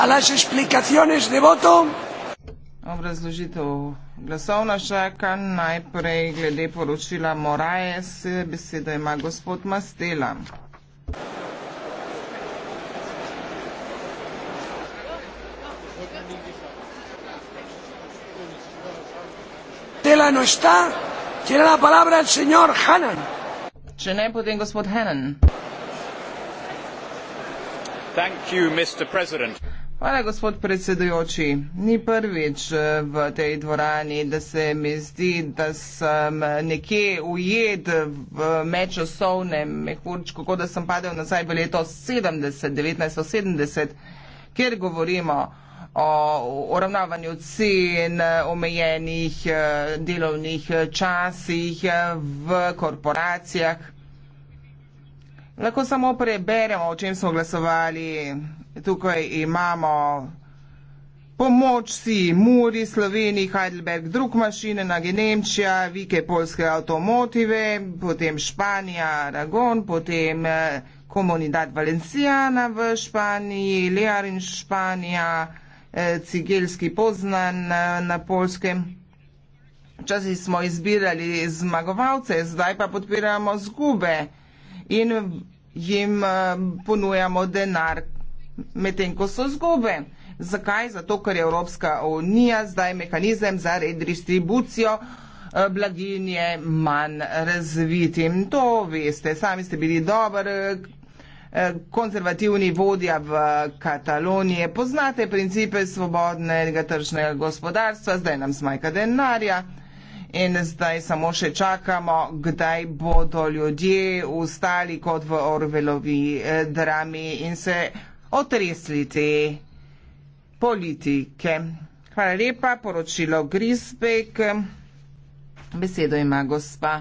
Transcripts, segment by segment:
a las explicaciones de voto. Obrazložitev glasovna šaka, najprej glede poročila Moraes, beseda ima gospod Mastela. Tela no šta, tiene la palabra el señor Hanan. Če ne, potem gospod Hanan. Thank you, Mr. President. Hvala, gospod predsedujoči. Ni prvič eh, v tej dvorani, da se mi zdi, da sem nekje ujet v mečosovnem mehurčku, kot da sem padel nazaj v leto 70, 1970, kjer govorimo o uravnavanju cen, omejenih eh, delovnih eh, časih v korporacijah. Lahko samo preberemo, o čem smo glasovali. Tukaj imamo pomoč si Muri, Sloveniji, Heidelberg, drug mašine, nage Nemčija, Vike, Polske automotive, potem Španija, Aragon, potem eh, Comunidad Valenciana v Španiji, Lear in Španija, eh, Cigelski poznan eh, na Polskem. Včasih smo izbirali zmagovalce, zdaj pa podpiramo zgube. In jim eh, ponujamo denar, medtem ko so zgube. Zakaj? Zato, ker je Evropska unija zdaj mehanizem za redistribucijo eh, blaginje manj razvitim. To veste, sami ste bili dober eh, konzervativni vodja v Kataloniji. Poznate principe svobodnega tržnega gospodarstva, zdaj nam smajka denarja in zdaj samo še čakamo, kdaj bodo ljudje ustali kot v Orvelovi eh, drami in se otresli te politike. Hvala lepa, poročilo Grisbek. Besedo ima gospa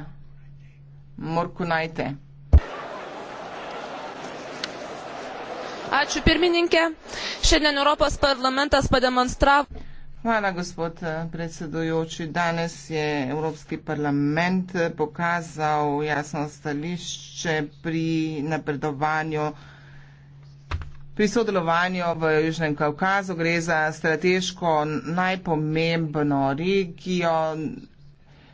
Morkunajte. Ačiū pirmininkė. Šiandien Europos parlamentas pademonstravo. Hvala, gospod eh, predsedujoči. Danes je Evropski parlament eh, pokazal jasno stališče pri napredovanju, pri sodelovanju v Južnem Kaukazu. Gre za strateško najpomembno regijo.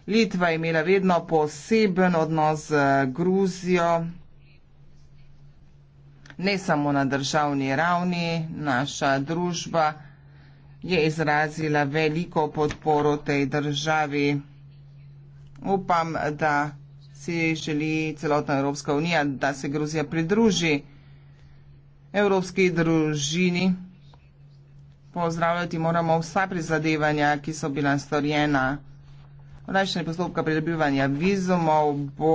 Litva je imela vedno poseben odnos z Gruzijo, ne samo na državni ravni, naša družba je izrazila veliko podporo tej državi. Upam, da si želi celotna Evropska unija, da se Gruzija pridruži evropski družini. Pozdravljati moramo vsa prizadevanja, ki so bila storjena. Vlajšanje postopka pridobivanja vizumov bo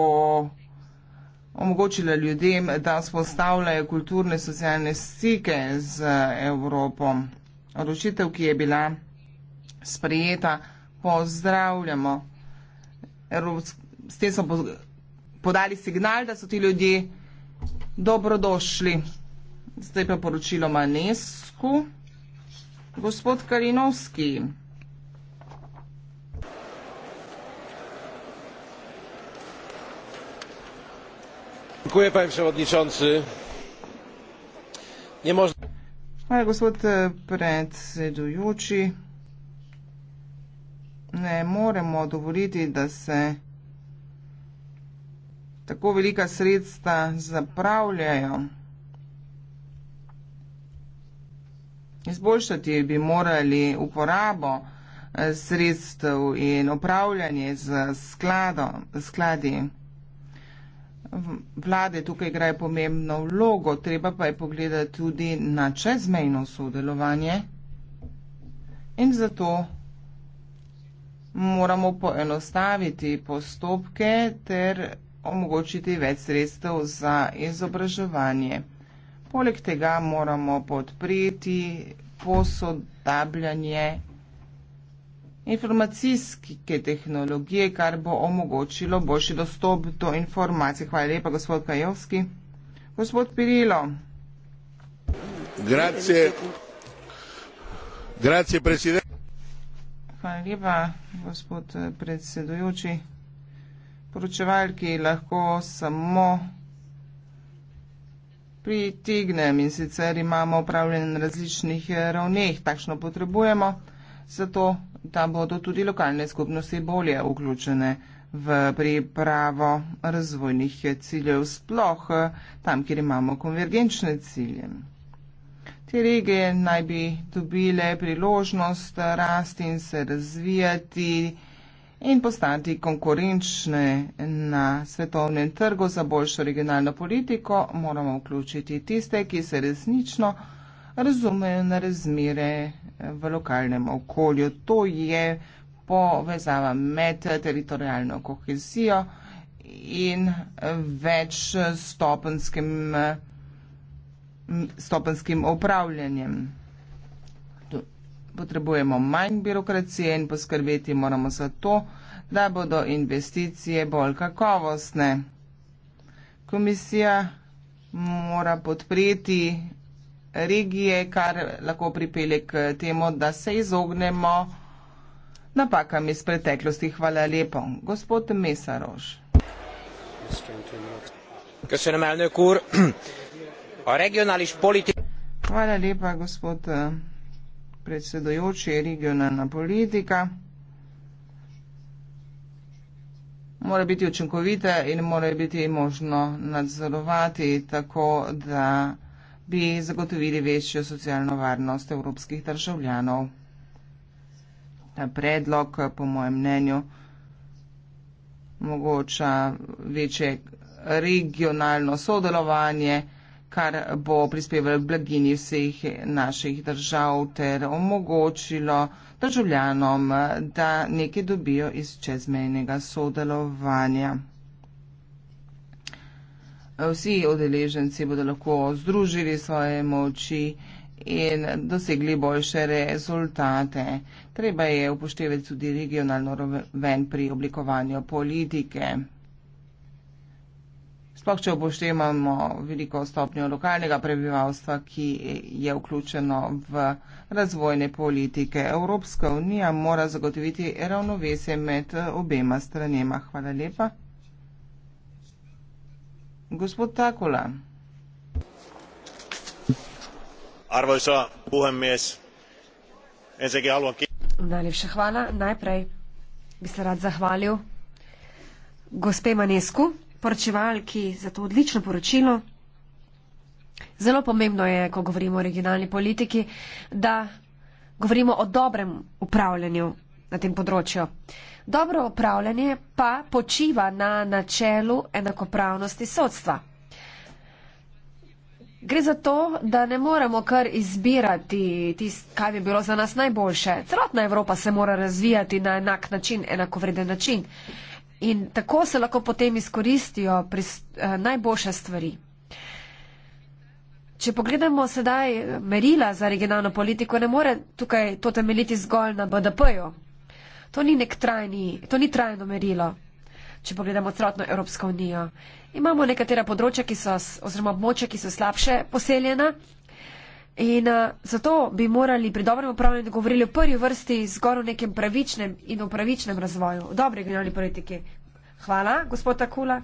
omogočilo ljudem, da spostavljajo kulturne socialne stike z Evropom odločitev, ki je bila sprejeta, pozdravljamo. S tem smo podali signal, da so ti ljudje dobrodošli. Zdaj pa poročilo Manesku, gospod Kalinovski. Dziękuję panie przewodniczący. Nie można. Hvala, gospod eh, predsedujoči. Ne moremo dovoliti, da se tako velika sredstva zapravljajo. Izboljšati bi morali uporabo eh, sredstev in upravljanje z skladom, skladi vlade tukaj igrajo pomembno vlogo, treba pa je pogledati tudi na čezmejno sodelovanje in zato moramo poenostaviti postopke ter omogočiti več sredstev za izobraževanje. Poleg tega moramo podpreti posodabljanje informacijske tehnologije, kar bo omogočilo boljši dostop do informacij. Hvala lepa, gospod Kajovski. Gospod Pirilo. Grazie. Grazie, predsednik. Hvala lepa, gospod predsedujoči. Poročevalki lahko samo pritignem in sicer imamo upravljen na različnih ravneh, takšno potrebujemo zato da bodo tudi lokalne skupnosti bolje vključene v pripravo razvojnih ciljev, sploh tam, kjer imamo konvergenčne cilje. Te regije naj bi dobile priložnost rasti in se razvijati in postati konkurenčne na svetovnem trgu za boljšo regionalno politiko, moramo vključiti tiste, ki se resnično razumejo na razmere v lokalnem okolju. To je povezava med teritorijalno kohezijo in več stopenskim, stopenskim upravljanjem. Potrebujemo manj birokracije in poskrbeti moramo za to, da bodo investicije bolj kakovostne. Komisija mora podpreti regije, kar lahko pripelje k temu, da se izognemo napakam iz preteklosti. Hvala lepo. Gospod Mesaroš. Köszönöm, elnök úr. A regionális politika... Hvala lepa, gospod eh, predsedujoči, regionalna politika. Mora biti učinkovita in mora biti možno nadzorovati tako, da bi zagotovili večjo socialno varnost evropskih državljanov. Ta predlog, po mojem mnenju, mogoča večje regionalno sodelovanje, kar bo prispevalo k blaginji vseh naših držav ter omogočilo državljanom, da nekaj dobijo iz čezmejnega sodelovanja vsi odeleženci bodo lahko združili svoje moči in dosegli boljše rezultate. Treba je upoštevati tudi regionalno raven pri oblikovanju politike. Sploh, če upoštevamo veliko stopnjo lokalnega prebivalstva, ki je vključeno v razvojne politike. Evropska unija mora zagotoviti ravnovesje med obema stranema. Hvala lepa. Gospod Takula. Arvoisa puhemies. Ensinnäkin haluan Najlepša hvala. Najprej bi se rad zahvalil gospe Manesku, poročevalki za to odlično poročilo. Zelo pomembno je, ko govorimo o regionalni politiki, da govorimo o dobrem upravljanju na tem področju. Dobro upravljanje pa počiva na načelu enakopravnosti sodstva. Gre za to, da ne moremo kar izbirati tist, kaj bi bilo za nas najboljše. Celotna Evropa se mora razvijati na enak način, enakovreden način. In tako se lahko potem izkoristijo pris, eh, najboljše stvari. Če pogledamo sedaj merila za regionalno politiko, ne more tukaj to temeljiti zgolj na BDP-ju. To ni nek trajni, to ni trajno merilo, če pogledamo celotno Evropsko unijo. Imamo nekatera področja, ki so, oziroma območja, ki so slabše poseljena in eh, zato bi morali pri dobrem upravljanju govorili v prvi vrsti zgor o nekem pravičnem in upravičnem razvoju, o dobrej gnjavni politiki. Hvala, gospod Takula.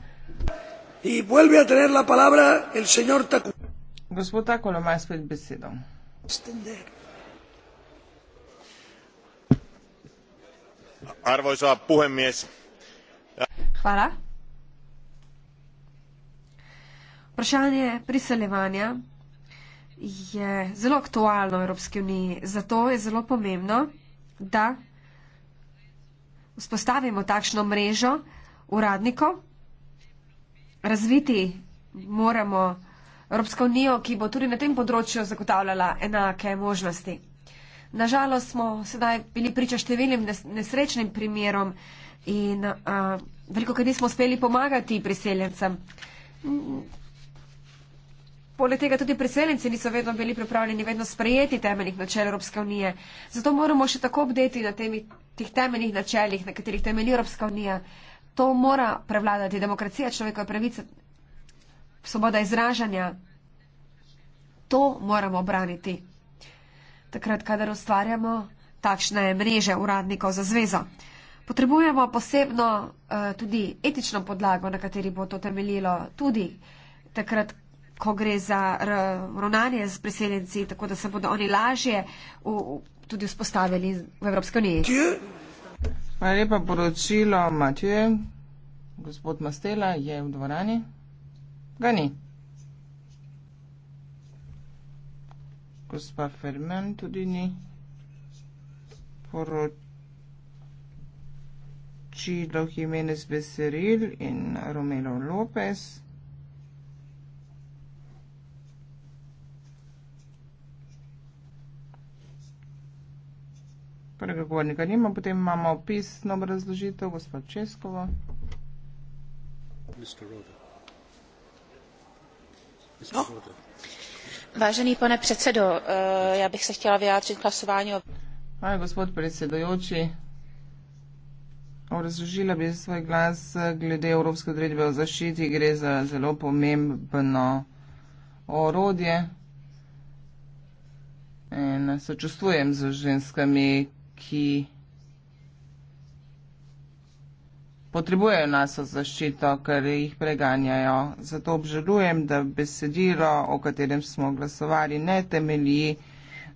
In vuelve a tener la palabra el señor Takula. Gospod Takula ima spet besedo. Stender. arvoisa puhemies vprašanje priseljevanja je zelo aktualno v evropski uniji zato je zelo pomembno da vzpostavimo takšno mrežo uradnikov razviti moramo evropsko unijo ki bo tudi na tem področju zagotavljala enake možnosti. Nažalost smo sedaj bili priča številnim nesrečnim primerom in uh, veliko krat nismo uspeli pomagati priseljencem. Poleg tega tudi priseljenci niso vedno bili pripravljeni vedno sprejeti temeljnih načel Evropske unije. Zato moramo še tako obdeti na temi, tih temeljnih načeljih, na katerih temelji Evropska unija. To mora prevladati demokracija, človekove pravice, svoboda izražanja. To moramo obraniti takrat, kadar ustvarjamo takšne mreže uradnikov za zvezo. Potrebujemo posebno uh, tudi etično podlago, na kateri bo to temeljilo, tudi takrat, ko gre za ravnanje z priseljenci, tako da se bodo oni lažje v, v, tudi vzpostavili v Evropski uniji. Hvala lepa poročilo Matjuje. Gospod Mastela je v dvorani. Ga ni. gospa Fermen tudi ni poročilo Jimenez Beseril in Romero Lopez. Prvega govornika nima, potem imamo pisno obrazložitev gospod Českovo. Mr. Roder. Mr. Oh. No. Roder pane predsedujoči eh, ja bih se htjela vyjádřit k hlasování o Hvala, gospod predsedujoči. Razložila bi svoj glas glede Evropske odredbe o zaščiti. Gre za zelo pomembno orodje. In sočustvujem z ženskami, ki potrebujejo naso zaščito, ker jih preganjajo. Zato obžalujem, da besedilo, o katerem smo glasovali, ne temelji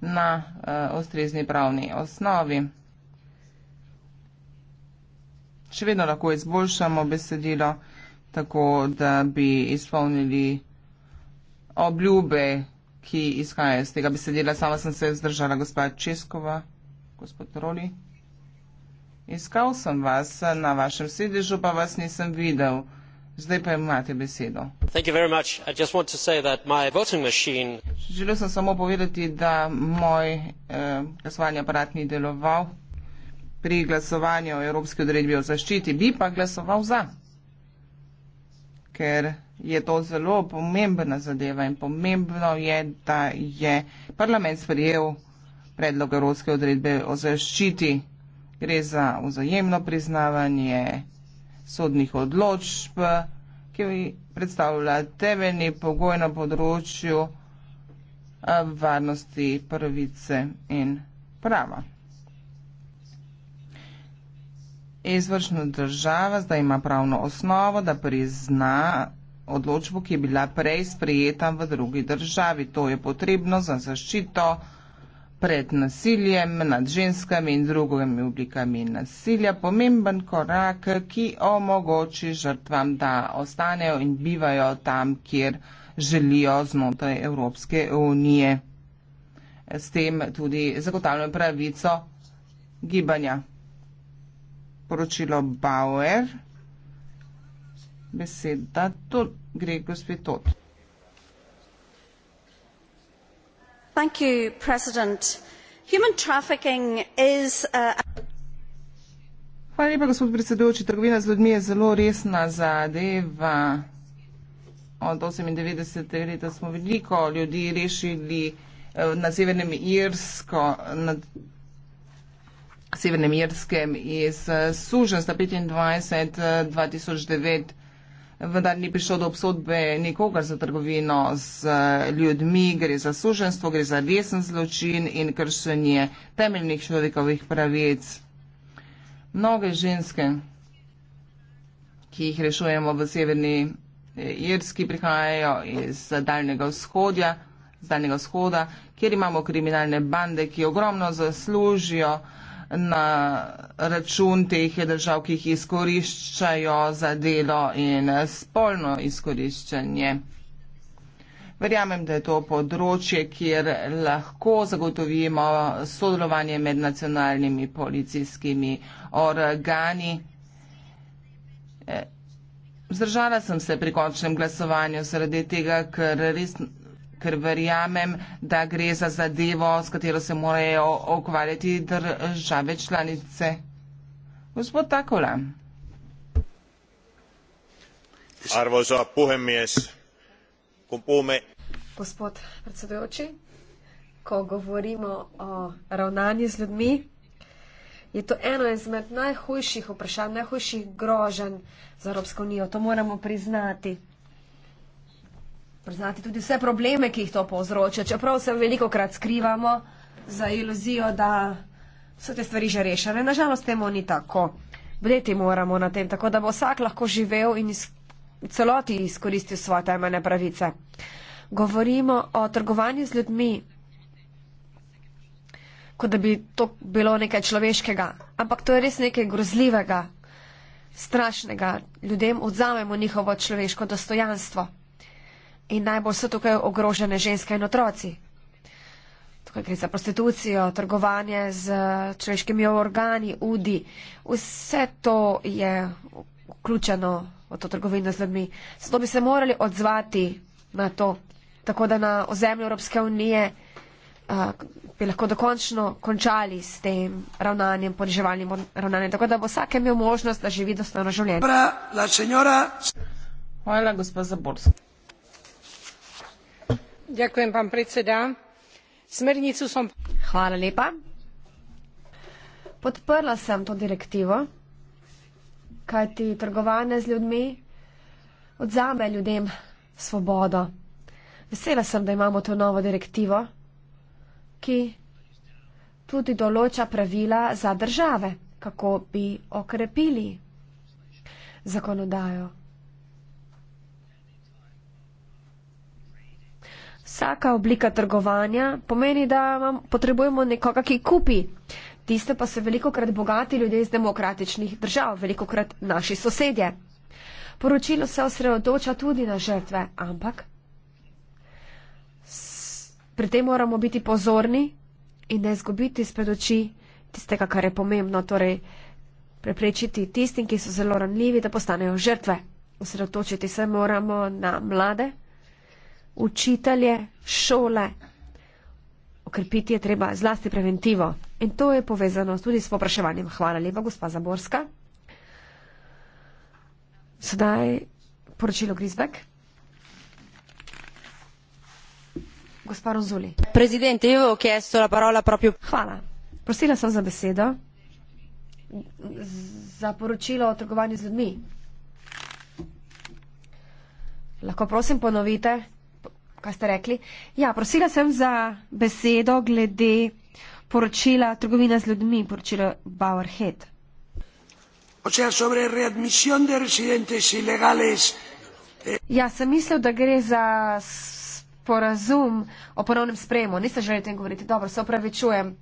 na uh, eh, ostrezni pravni osnovi. Še vedno lahko izboljšamo besedilo tako, da bi izpolnili obljube, ki izhajajo iz tega besedila. Sama sem se vzdržala, gospod Českova, gospod Roli. Iskal sem vas na vašem sedežu, pa vas nisem videl. Zdaj pa imate besedo. Želel sem samo povedati, da moj eh, glasovalni aparat ni deloval pri glasovanju o Evropski odredbi o zaščiti. Bi pa glasoval za, ker je to zelo pomembna zadeva in pomembno je, da je parlament sprejel predlog Evropske odredbe o zaščiti gre za vzajemno priznavanje sodnih odločb, ki predstavlja temeljni pogoj na področju eh, varnosti prvice in prava. Izvršna država zdaj ima pravno osnovo, da prizna odločbo, ki je bila prej sprejeta v drugi državi. To je potrebno za zaščito odločbo pred nasiljem nad ženskami in drugimi oblikami nasilja pomemben korak, ki omogoči žrtvam, da ostanejo in bivajo tam, kjer želijo znotraj Evropske unije. S tem tudi zagotavljajo pravico gibanja. Poročilo Bauer. Beseda, to gre gospod Tot. mr president human trafficking is uh, a Hvala lepa, gospod predsedujoči. Trgovina z ljudmi je zelo resna zadeva. Od 98. leta smo veliko ljudi rešili eh, na severnem Irsko, na severnem Irskem iz suženstva 25. 2009 vendar ni prišlo do obsodbe nikogar za trgovino z eh, ljudmi, gre za suženstvo, gre za resen zločin in kršenje temeljnih človekovih pravic. Mnoge ženske, ki jih rešujemo v severni eh, Irski, prihajajo iz daljnega vzhodja, z daljnega vzhoda, kjer imamo kriminalne bande, ki ogromno zaslužijo, na račun teh držav, ki jih izkoriščajo za delo in spolno izkoriščanje. Verjamem, da je to področje, kjer lahko zagotovimo sodelovanje med nacionalnimi policijskimi organi. Eh, zdržala sem se pri končnem glasovanju zaradi tega, ker res ker verjamem, da gre za zadevo, s katero se morajo okvarjati države članice. Gospod Takola. Arvoisa puhemies, kun puhumme... Gospod predsedujoči, ko govorimo o ravnanju z ljudmi, je to eno izmed najhujših vprašanj, najhujših groženj za Evropsko unijo. To moramo priznati priznati tudi vse probleme, ki jih to povzroča, čeprav se veliko krat skrivamo za iluzijo, da so te stvari že rešene. Nažalost, temu ni tako. Bdeti moramo na tem, tako da bo vsak lahko živel in iz, celoti izkoristil svoje temeljne pravice. Govorimo o trgovanju z ljudmi, kot da bi to bilo nekaj človeškega, ampak to je res nekaj grozljivega, strašnega. Ljudem odzamemo njihovo človeško dostojanstvo in najbolj so tukaj ogrožene ženske in otroci. Tukaj gre za prostitucijo, trgovanje z človeškimi organi, udi. Vse to je vključeno v to trgovino z ljudmi. Zato bi se morali odzvati na to, tako da na ozemlju Evropske unije a, bi lahko dokončno končali s tem ravnanjem, poniževalnim ravnanjem, tako da bo vsak imel možnost, da živi dostojno življenje. Hvala, gospod Zaborski podprla sem to direktivo kajti trgovanje z ljudmi odvzame ljudem svobodo vesela sem da imamo to novo direktivo ki tudi določa pravila za države kako bi okrepili zakonodajo Vsaka oblika trgovanja pomeni, da vam potrebujemo nekoga, ki kupi. Tiste pa so veliko krat bogati ljudje iz demokratičnih držav, veliko krat naši sosedje. Poročilo se osredotoča tudi na žrtve, ampak pri tem moramo biti pozorni in ne izgubiti spred oči tistega, kar je pomembno, torej preprečiti tistim, ki so zelo ranljivi, da postanejo žrtve. Osredotočiti se moramo na mlade učitelje, šole. Okrepiti je treba zlasti preventivo in to je povezano tudi s popraševanjem. Hvala lepa, gospa Zaborska. Sedaj poročilo Grizbek. Gospa Rozuli. Prezident, jo je chiesto la parola proprio. Hvala. Prosila sem za besedo. Za poročilo o trgovanju z ljudmi. Lahko prosim ponovite kaj ste rekli. Ja, prosila sem za besedo glede poročila trgovina z ljudmi, poročilo Bauer Head. O sea, sobre readmisión de residentes ilegales. Eh, ja, sem mislil, da gre za sporazum o ponovnem sprejemu. Niste želeli o tem govoriti. Dobro, se opravičujem.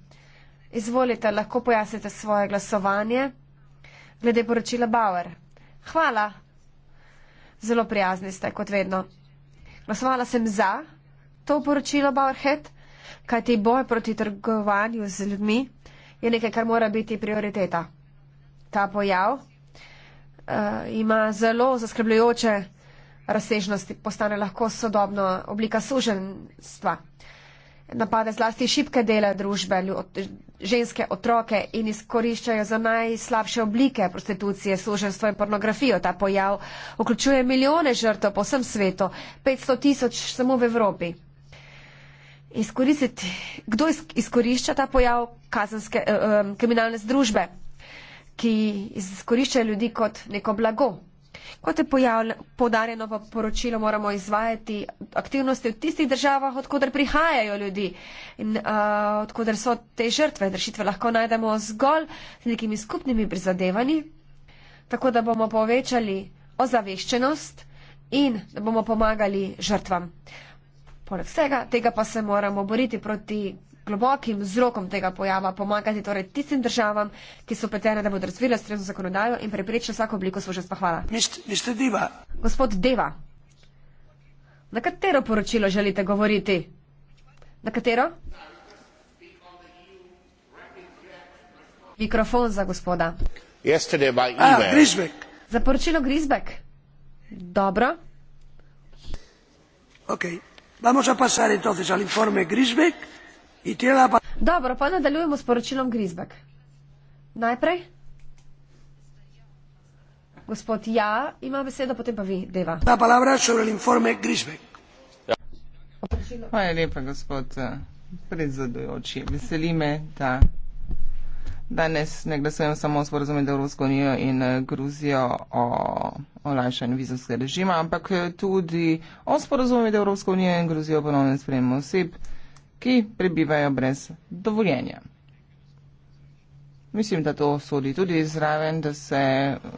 Izvolite, lahko pojasnite svoje glasovanje glede poročila Bauer. Hvala. Zelo prijazni ste, kot vedno. Glasovala sem za to poročilo Bauerhead, kajti boj proti trgovanju z ljudmi je nekaj, kar mora biti prioriteta. Ta pojav uh, ima zelo zaskrbljujoče razsežnosti, postane lahko sodobna oblika suženstva. Napade zlasti šibke dele družbe, ženske, otroke in izkoriščajo za najslabše oblike prostitucije, služenstvo in pornografijo. Ta pojav vključuje milijone žrtev po vsem svetu, 500 tisoč samo v Evropi. Izkoristiti. Kdo izkorišča ta pojav? Kazenske, eh, eh, kriminalne združbe, ki izkoriščajo ljudi kot neko blago. Kot je podarjeno v poročilu, moramo izvajati aktivnosti v tistih državah, odkudar prihajajo ljudi in uh, eh, odkudar so te žrtve. Rešitve lahko najdemo zgolj z nekimi skupnimi prizadevanji, tako da bomo povečali ozaveščenost in da bomo pomagali žrtvam. Poleg vsega tega pa se moramo boriti proti globokim vzrokom tega pojava, pomagati torej tistim državam, ki so petene, da bodo razvile strezno zakonodajo in preprečile vsako obliko služenstva. Hvala. Mr. Deva. Gospod Deva, na katero poročilo želite govoriti? Na katero? Mikrofon za gospoda. Yesterday by ah, email. Ah, Grisbeck. Za poročilo Grisbeck. Dobro. Ok. Vamos a pasar entonces al informe Grisbeck. Dobro, pa nadaljujemo s poročilom Grizbek. Najprej. Gospod Ja ima besedo, potem pa vi, Deva. Hvala lepa, gospod eh, predzadujoči. Veseli me, da danes ne glasujem samo o sporozumem Evropsko unijo in eh, Gruzijo o olajšanju vizovskega režima, ampak eh, tudi o sporozumem Evropsko unijo in Gruzijo o ponovnem sprejemu oseb ki prebivajo brez dovoljenja. Mislim, da to sodi tudi zraven, da se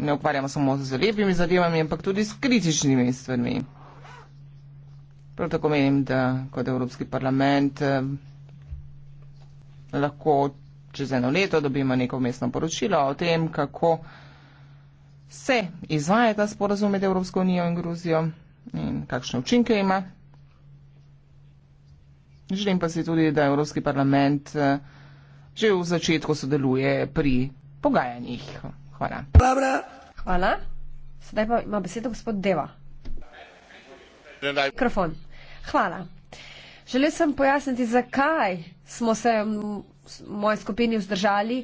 ne ukvarjamo samo z lepimi zadevami, ampak tudi s kritičnimi stvarmi. Prav tako menim, da kot Evropski parlament eh, lahko čez eno leto dobimo neko mestno poročilo o tem, kako se izvaja ta sporazum med Evropsko unijo in Gruzijo in kakšne učinke ima. Želim pa si tudi, da Evropski parlament eh, že v začetku sodeluje pri pogajanjih. Hvala. Barbara. Hvala. Sedaj pa ima besedo gospod Deva. Mikrofon. Hvala. Želel sem pojasniti, zakaj smo se v moji skupini vzdržali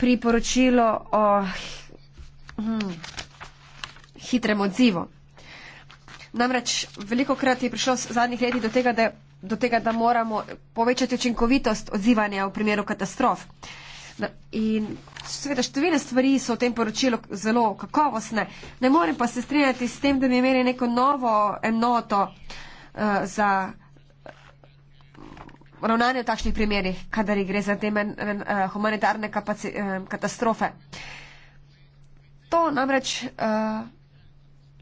pri poročilo o hm, hitrem odzivu. Namreč veliko krat je prišlo v zadnjih letih do tega, da do tega, da moramo povečati učinkovitost odzivanja v primeru katastrof. In seveda številne stvari so v tem poročilu zelo kakovostne. Ne morem pa se strinjati s tem, da bi imeli neko novo enoto uh, za ravnanje v takšnih primerih, kadar gre za te men, men, uh, humanitarne kapaci, uh, katastrofe. To namreč. Uh,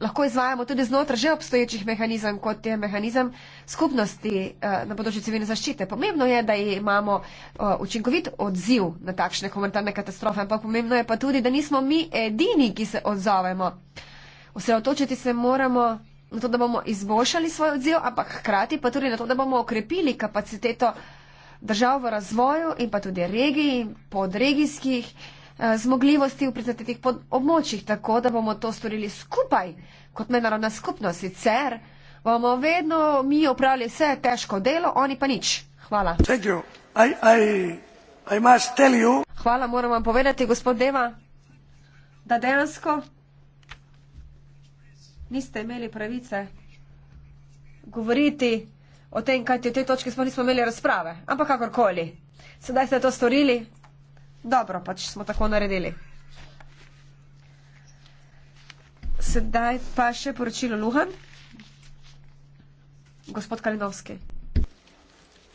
lahko izvajamo tudi znotraj že obstoječih mehanizem, kot je mehanizem skupnosti eh, na področju civilne zaščite. Pomembno je, da imamo eh, učinkovit odziv na takšne humanitarne katastrofe, ampak pomembno je pa tudi, da nismo mi edini, ki se odzovemo. Osredotočiti se moramo na to, da bomo izboljšali svoj odziv, ampak hkrati pa tudi na to, da bomo okrepili kapaciteto držav v razvoju in pa tudi regij, podregijskih, Eh, zmogljivosti v prizadetih območjih, tako da bomo to storili skupaj kot mednarodna skupnost. Sicer bomo vedno mi opravili vse težko delo, oni pa nič. Hvala. I must tell you, Hvala, moram vam povedati, gospod Deva, da dejansko niste imeli pravice govoriti o tem, kaj te v tej točki smo nismo imeli razprave. Ampak kakorkoli. Sedaj ste to storili, Dobro, pač smo tako naredili. Sedaj pa še poročilo Luhan. Gospod Kalinovski.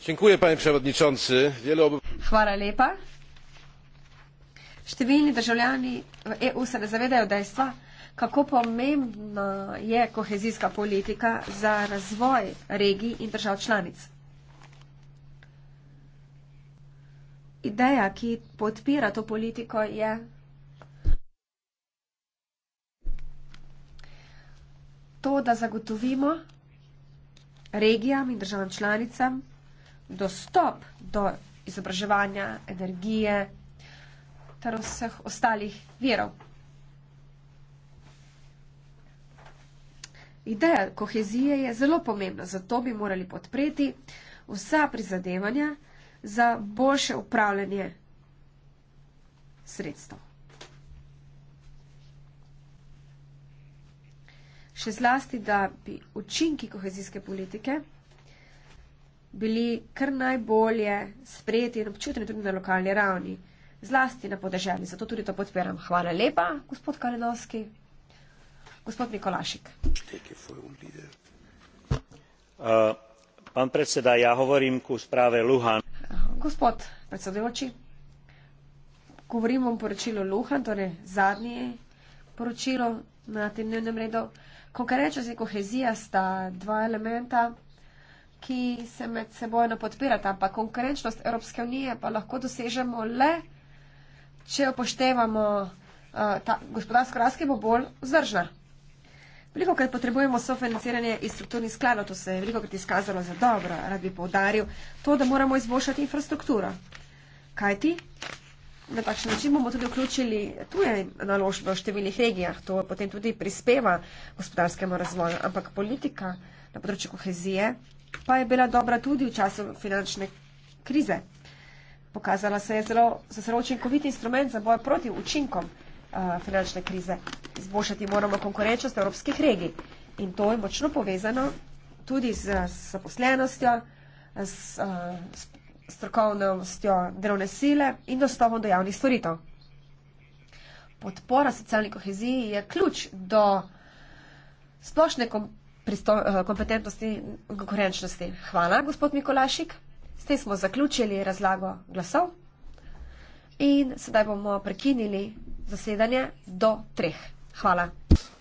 Dziękuję, panie przewodniczący. Wielu ob... Hvala lepa. Številni državljani v EU se ne zavedajo dejstva, kako pomembna je kohezijska politika za razvoj regij in držav članic. ideja, ki podpira to politiko, je. To, da zagotovimo regijam in državam članicam dostop do izobraževanja, energije ter vseh ostalih verov. Ideja kohezije je zelo pomembna, zato bi morali podpreti vsa prizadevanja, za boljše upravljanje sredstev. Še zlasti, da bi učinki kohezijske politike bili kar najbolje sprejeti in občutni tudi na lokalni ravni, zlasti na podeželju. Zato tudi to podpiram. Hvala lepa, gospod Kalinovski. Gospod Nikolašik. Uh, pán predseda, ja hovorím ku správe Luhan. Gospod predsedujoči, govorim o poročilu Luhan, torej zadnje poročilo na tem dnevnem redu. Konkurenčnost in kohezija sta dva elementa, ki se med seboj ne podpirata, ampak konkurenčnost Evropske unije pa lahko dosežemo le, če upoštevamo, da eh, uh, gospodarska rast bo bolj vzdržna. Veliko krat potrebujemo sofinanciranje iz strukturnih skladov, to se je veliko krat izkazalo za dobro, rad bi povdaril, to, da moramo izboljšati infrastrukturo. Kaj ti? Na takšen način bomo tudi vključili tuje naložbe v številnih regijah, to potem tudi prispeva gospodarskemu razvoju, ampak politika na področju kohezije pa je bila dobra tudi v času finančne krize. Pokazala se je zelo, zelo učinkovit instrument za boj proti učinkom. Eh, finančne krize. Izboljšati moramo konkurenčnost evropskih regij in to je močno povezano tudi z zaposlenostjo, s, eh, s strokovnostjo delovne sile in dostopom do javnih storitev. Podpora socialni koheziji je ključ do splošne kom pristo, eh, kompetentnosti in konkurenčnosti. Hvala, gospod Mikolašik. S tem smo zaključili razlago glasov in sedaj bomo prekinili zasedanje do treh. Hvala.